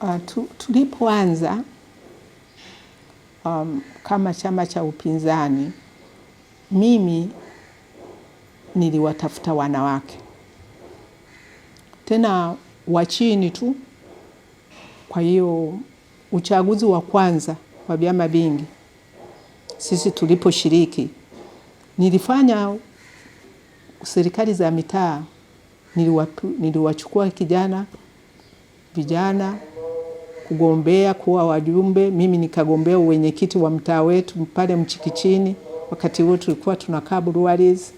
uh, tu, tulipoanza um, kama chama cha upinzani, mimi niliwatafuta wanawake tena wa chini tu. Kwa hiyo uchaguzi wa kwanza wa vyama vingi sisi tuliposhiriki, nilifanya serikali za mitaa, niliwachukua kijana vijana kugombea kuwa wajumbe. Mimi nikagombea uwenyekiti wa mtaa wetu pale Mchikichini, wakati huo tulikuwa tunakaa Buruarizi,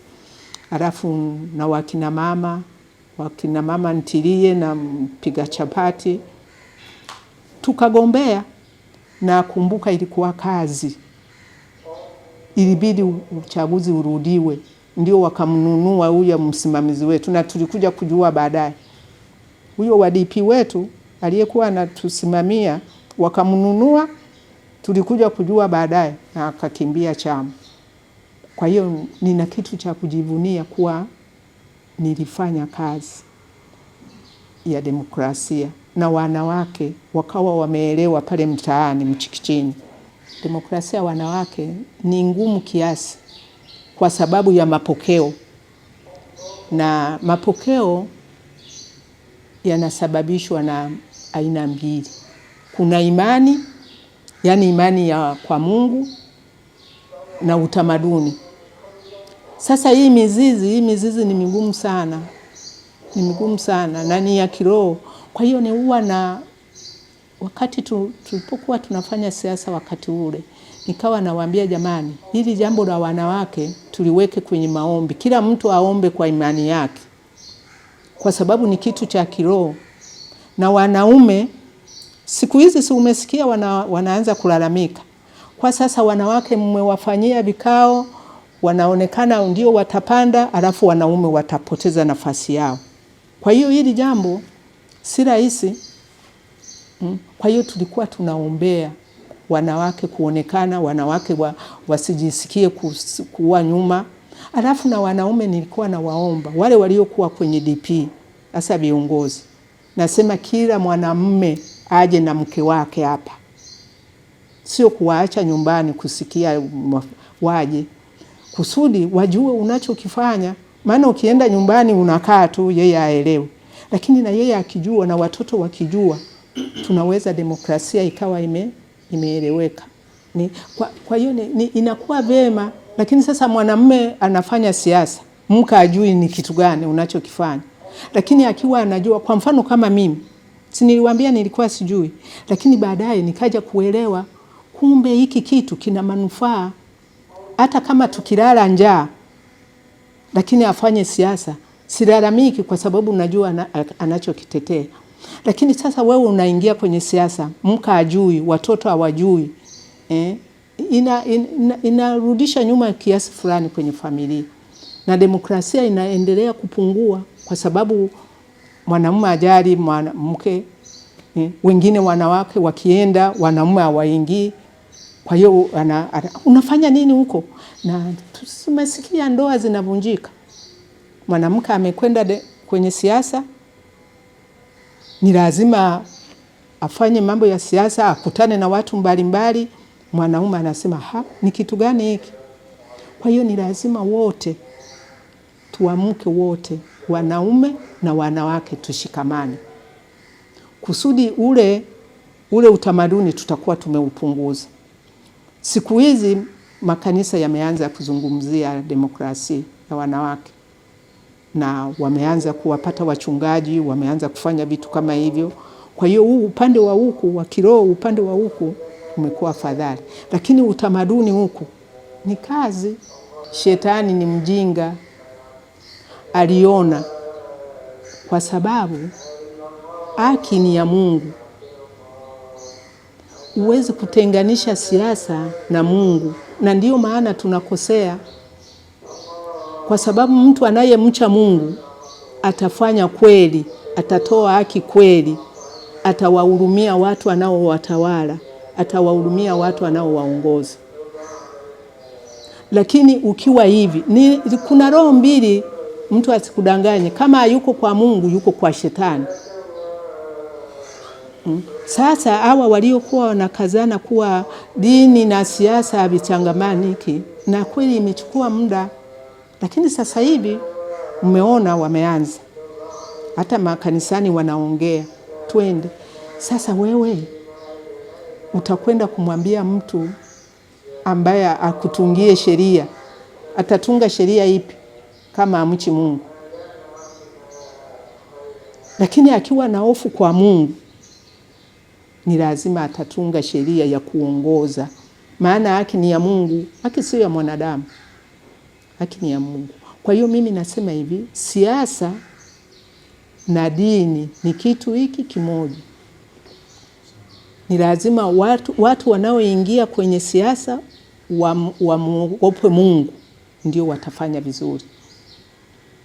alafu na wakina mama wakina mama ntilie na mpiga chapati tukagombea. Nakumbuka ilikuwa kazi, ilibidi uchaguzi urudiwe, ndio wakamnunua huyo msimamizi wetu, na tulikuja kujua baadaye huyo wadipi wetu aliyekuwa anatusimamia wakamnunua, tulikuja kujua baadaye na akakimbia chama. Kwa hiyo nina kitu cha kujivunia kuwa nilifanya kazi ya demokrasia na wanawake wakawa wameelewa pale mtaani Mchikichini. Demokrasia wanawake ni ngumu kiasi kwa sababu ya mapokeo, na mapokeo yanasababishwa na aina mbili. Kuna imani, yaani imani ya kwa Mungu na utamaduni. Sasa hii mizizi, hii mizizi ni migumu sana, ni migumu sana na ni ya kiroho. Kwa hiyo ni huwa na wakati tulipokuwa tunafanya siasa wakati ule nikawa nawaambia jamani, hili jambo la wanawake tuliweke kwenye maombi, kila mtu aombe kwa imani yake, kwa sababu ni kitu cha kiroho na wanaume siku hizi si umesikia wana, wanaanza kulalamika kwa sasa, wanawake mmewafanyia vikao, wanaonekana ndio watapanda, alafu wanaume watapoteza nafasi yao. Kwa hiyo hili jambo si rahisi. Mm, kwa hiyo tulikuwa tunaombea wanawake kuonekana, wanawake wa, wasijisikie kuwa nyuma. Alafu na wanaume nilikuwa nawaomba wale waliokuwa kwenye DP, hasa viongozi Nasema kila mwanamume aje na mke wake hapa, sio kuwaacha nyumbani kusikia waje, kusudi wajue unachokifanya. Maana ukienda nyumbani unakaa tu, yeye aelewe, lakini na yeye akijua na watoto wakijua, tunaweza demokrasia ikawa ime, imeeleweka. Ni, kwa hiyo inakuwa vema, lakini sasa mwanamume anafanya siasa, mke ajui ni kitu gani unachokifanya lakini akiwa anajua, kwa mfano kama mimi si niliwaambia nilikuwa sijui, lakini baadaye nikaja kuelewa kumbe hiki kitu kina manufaa, hata kama tukilala njaa, lakini afanye siasa. Silalamiki kwa sababu najua anachokitetea. Lakini sasa wewe unaingia kwenye siasa, mka ajui, watoto hawajui eh? Inarudisha ina, ina nyuma kiasi fulani kwenye familia na demokrasia inaendelea kupungua kwa sababu mwanamume ajali mwanamke, eh, wengine wanawake wakienda wanaume hawaingii. Kwa hiyo unafanya nini huko? Na tumesikia ndoa zinavunjika, mwanamke amekwenda kwenye siasa, ni lazima afanye mambo ya siasa, akutane na watu mbalimbali. Mwanaume anasema ha, ni kitu gani hiki? Kwa hiyo ni lazima wote tuamke wote, wanaume na wanawake, tushikamane kusudi ule ule utamaduni tutakuwa tumeupunguza. Siku hizi makanisa yameanza kuzungumzia demokrasia ya wanawake na wameanza kuwapata wachungaji, wameanza kufanya vitu kama hivyo. Kwa hiyo huu upande wa huku wa kiroho, upande wa huku umekuwa afadhali, lakini utamaduni huku ni kazi. Shetani ni mjinga aliona, kwa sababu haki ni ya Mungu. Huwezi kutenganisha siasa na Mungu, na ndiyo maana tunakosea, kwa sababu mtu anayemcha Mungu atafanya kweli, atatoa haki kweli, atawahurumia watu anaowatawala, atawahurumia watu anaowaongoza. Lakini ukiwa hivi ni, kuna roho mbili Mtu asikudanganye, kama yuko kwa Mungu yuko kwa shetani. Mm. Sasa hawa waliokuwa wanakazana kuwa dini na siasa havichangamaniki, na kweli imechukua muda, lakini sasa hivi mmeona wameanza hata makanisani wanaongea, twende sasa. Wewe utakwenda kumwambia mtu ambaye akutungie sheria, atatunga sheria ipi? kama amchi Mungu, lakini akiwa na hofu kwa Mungu ni lazima atatunga sheria ya kuongoza, maana haki ni ya Mungu, haki sio ya mwanadamu, haki ni ya Mungu. Kwa hiyo mimi nasema hivi, siasa na dini ni kitu hiki kimoja. Ni lazima watu, watu wanaoingia kwenye siasa wamwogope Mungu, ndio watafanya vizuri.